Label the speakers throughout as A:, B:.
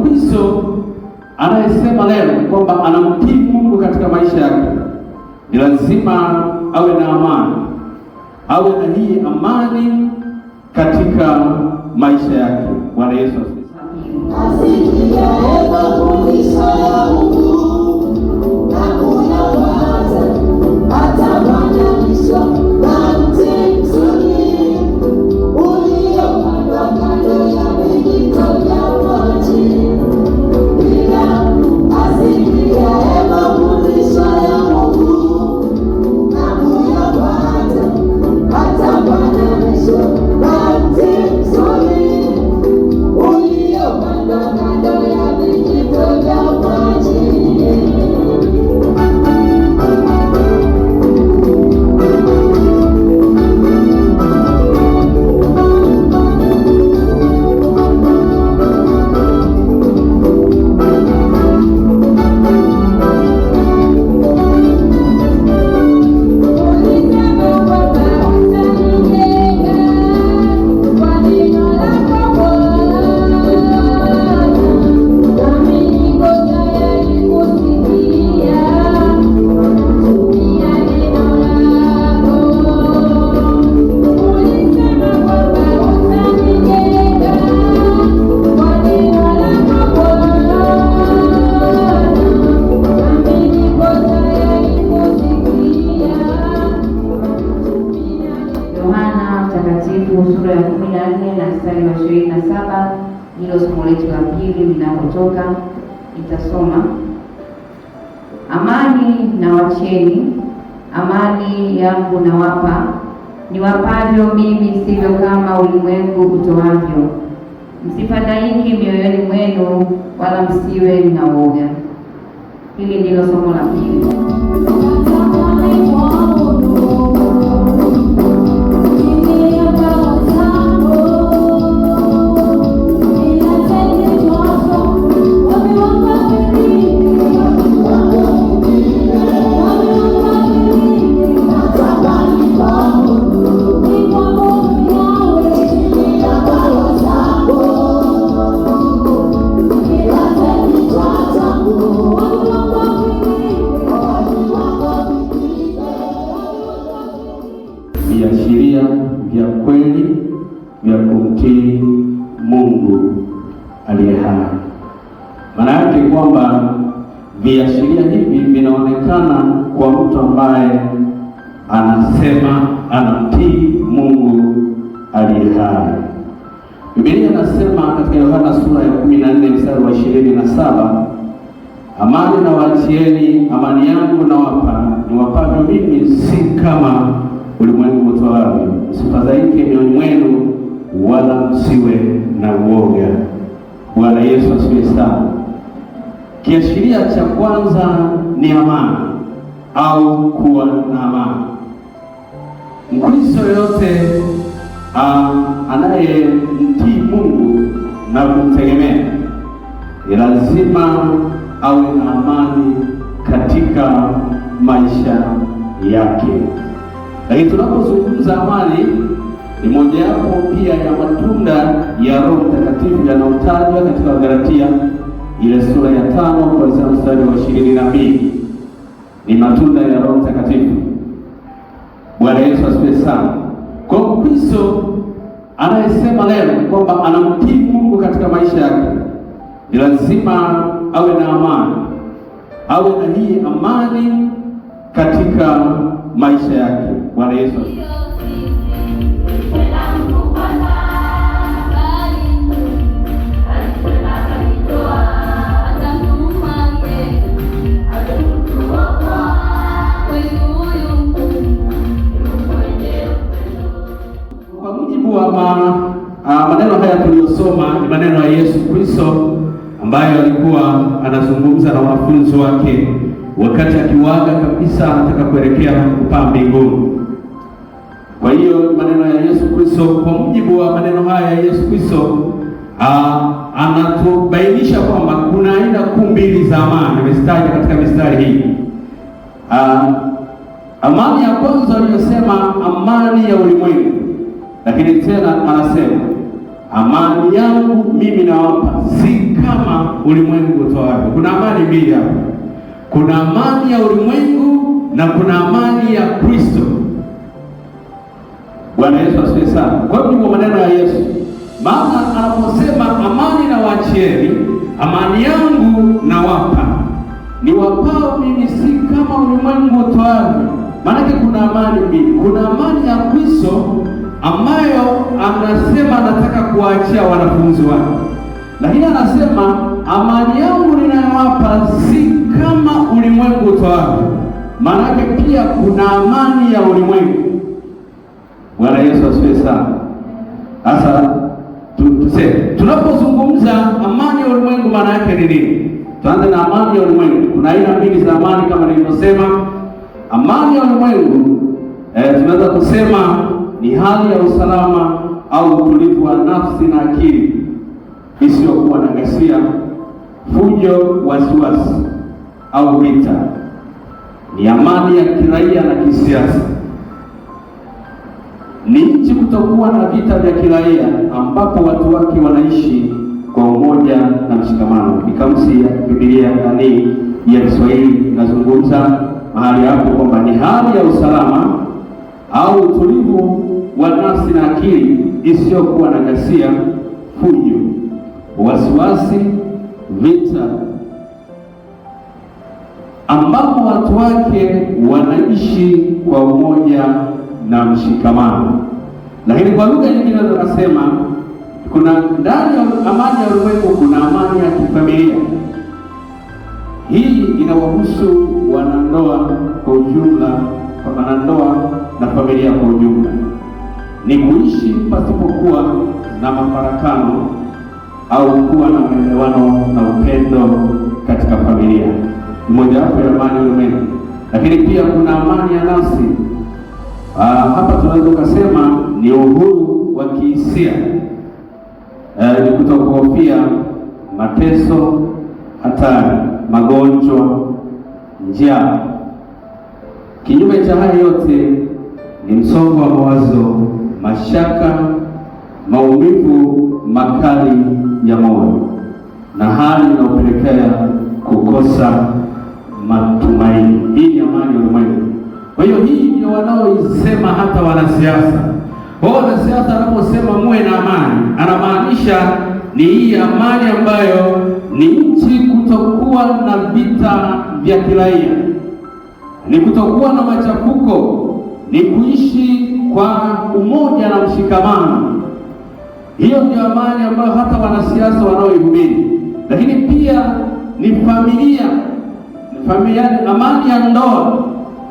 A: Mkristo anayesema leo kwamba anamtii Mungu katika maisha yake ni lazima awe na amani, awe na hii amani katika maisha yake. Bwana Yesu
B: hili ninapotoka itasoma amani na wacheni, amani yangu nawapa, niwapavyo mimi, sivyo kama ulimwengu utoavyo. msifadhaiki mioyoni mwenu, wala msiwe na woga. Hili ndilo somo la pili.
C: ambaye anasema anamtii Mungu aliye hai. Biblia inasema katika Yohana sura ya 14 mstari wa 27, amani na waachieni, amani yangu nawapa, niwapavyo mimi, si kama ulimwengu utoavyo, msifadhaike mioyoni mwenu, wala msiwe na uoga. Bwana Yesu asifiwe sana. Kiashiria cha kwanza ni amani au kuwa na amani. Mkristo yoyote ah, anaye anayemtii Mungu na kumtegemea ni lazima awe na amani katika maisha yake. Lakini tunapozungumza amani, ni mojawapo pia ya matunda ya Roho Mtakatifu yanayotajwa katika Wagalatia ile sura ya tano kuanzia mstari wa ishirini na mbili ni matunda ya Roho Mtakatifu. Bwana Yesu asifiwe sana. Kwa Kristo anayesema leo kwamba anamtii Mungu katika maisha yake ni lazima awe na amani, awe na hii amani katika maisha yake. Bwana Yesu asifiwe. kwamba uh, maneno haya tuliyosoma ni maneno ya Yesu Kristo ambayo alikuwa anazungumza na wanafunzi wake wakati akiwaga kabisa, anataka kuelekea kupaa mbinguni. Kwa hiyo maneno ya Yesu Kristo, kwa mujibu wa maneno haya ya Yesu Kristo ah, anatubainisha kwamba kuna aina kuu mbili za amani, nimezitaja katika mistari hii. Ah, amani ya kwanza aliyosema, amani ya ulimwengu lakini tena anasema amani yangu mimi nawapa, si kama ulimwengu utoavyo. Kuna amani mbili hapa, kuna amani ya ulimwengu na kuna amani ya Kristo. Bwana Yesu asifiwe sana. Kwa hiyo ndivyo maneno ya Yesu, maana anaposema amani na waachieni, amani yangu nawapa, ni wapao mimi si kama ulimwengu utoavyo. Maanake kuna amani mbili, kuna amani ya Kristo anasema anataka kuwaachia wanafunzi wake, lakini anasema amani yangu ninayowapa si kama ulimwengu utoavyo. yake pia kuna amani ya ulimwengu. Bwana Yesu asifiwe sana. Sasa tuse tunapozungumza amani ya ulimwengu maana yake ni nini? Tuanze na amani ya ulimwengu. Kuna aina mbili za amani kama nilivyosema. Amani ya ulimwengu eh, tunaweza kusema ni hali ya usalama au utulivu wa nafsi na akili isiyokuwa na ghasia, fujo, wasiwasi au vita. Ni amani ya kiraia na kisiasa. Ni nchi kutokuwa na vita vya kiraia ambapo watu wake wanaishi kwa umoja na mshikamano. Ni kamusi ya Biblia nani ya Kiswahili inazungumza mahali hapo kwamba ni hali ya usalama au utulivu wa nafsi na akili isiyokuwa na ghasia, fujo, wasiwasi, vita, ambapo watu wake wanaishi kwa umoja na mshikamano. Lakini kwa lugha nyingine tunasema kuna ndani ya amani ya ulimwengu, kuna amani ya kifamilia. Hii inawahusu wanandoa kwa ujumla, kwa wanandoa na familia kwa ujumla, ni kuishi pasipokuwa na mafarakano au kuwa na maelewano na upendo katika familia, mojawapo ya amani ulimwengu. Lakini pia kuna amani ya nafsi. Aa, ah, hapa tunaweza kusema ni uhuru wa kihisia, eh, ni kutokuhofia mateso, hatari, magonjwa, njaa. Kinyume cha hayo yote ni msongo wa mawazo, mashaka, maumivu makali ya moyo na hali inayopelekea kukosa matumaini. Hii ni amani ya ulimwengu. Kwa hiyo hii ndio wanaoisema hata wanasiasa wao. Wanasiasa anaposema muwe na amani, anamaanisha ni hii amani ambayo ni nchi kutokuwa na vita vya kiraia, ni kutokuwa na machafuko ni kuishi kwa umoja na mshikamano. Hiyo ndio amani ambayo hata wanasiasa wanaoihubiri, lakini pia ni familia, ni familia. Amani ya ndoa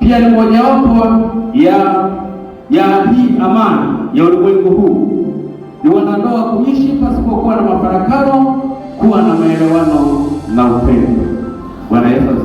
C: pia ni mojawapo ya ya hii amani ya ulimwengu huu, ni wanandoa kuishi pasipokuwa na mafarakano, kuwa na maelewano na upendo. Bwana Yesu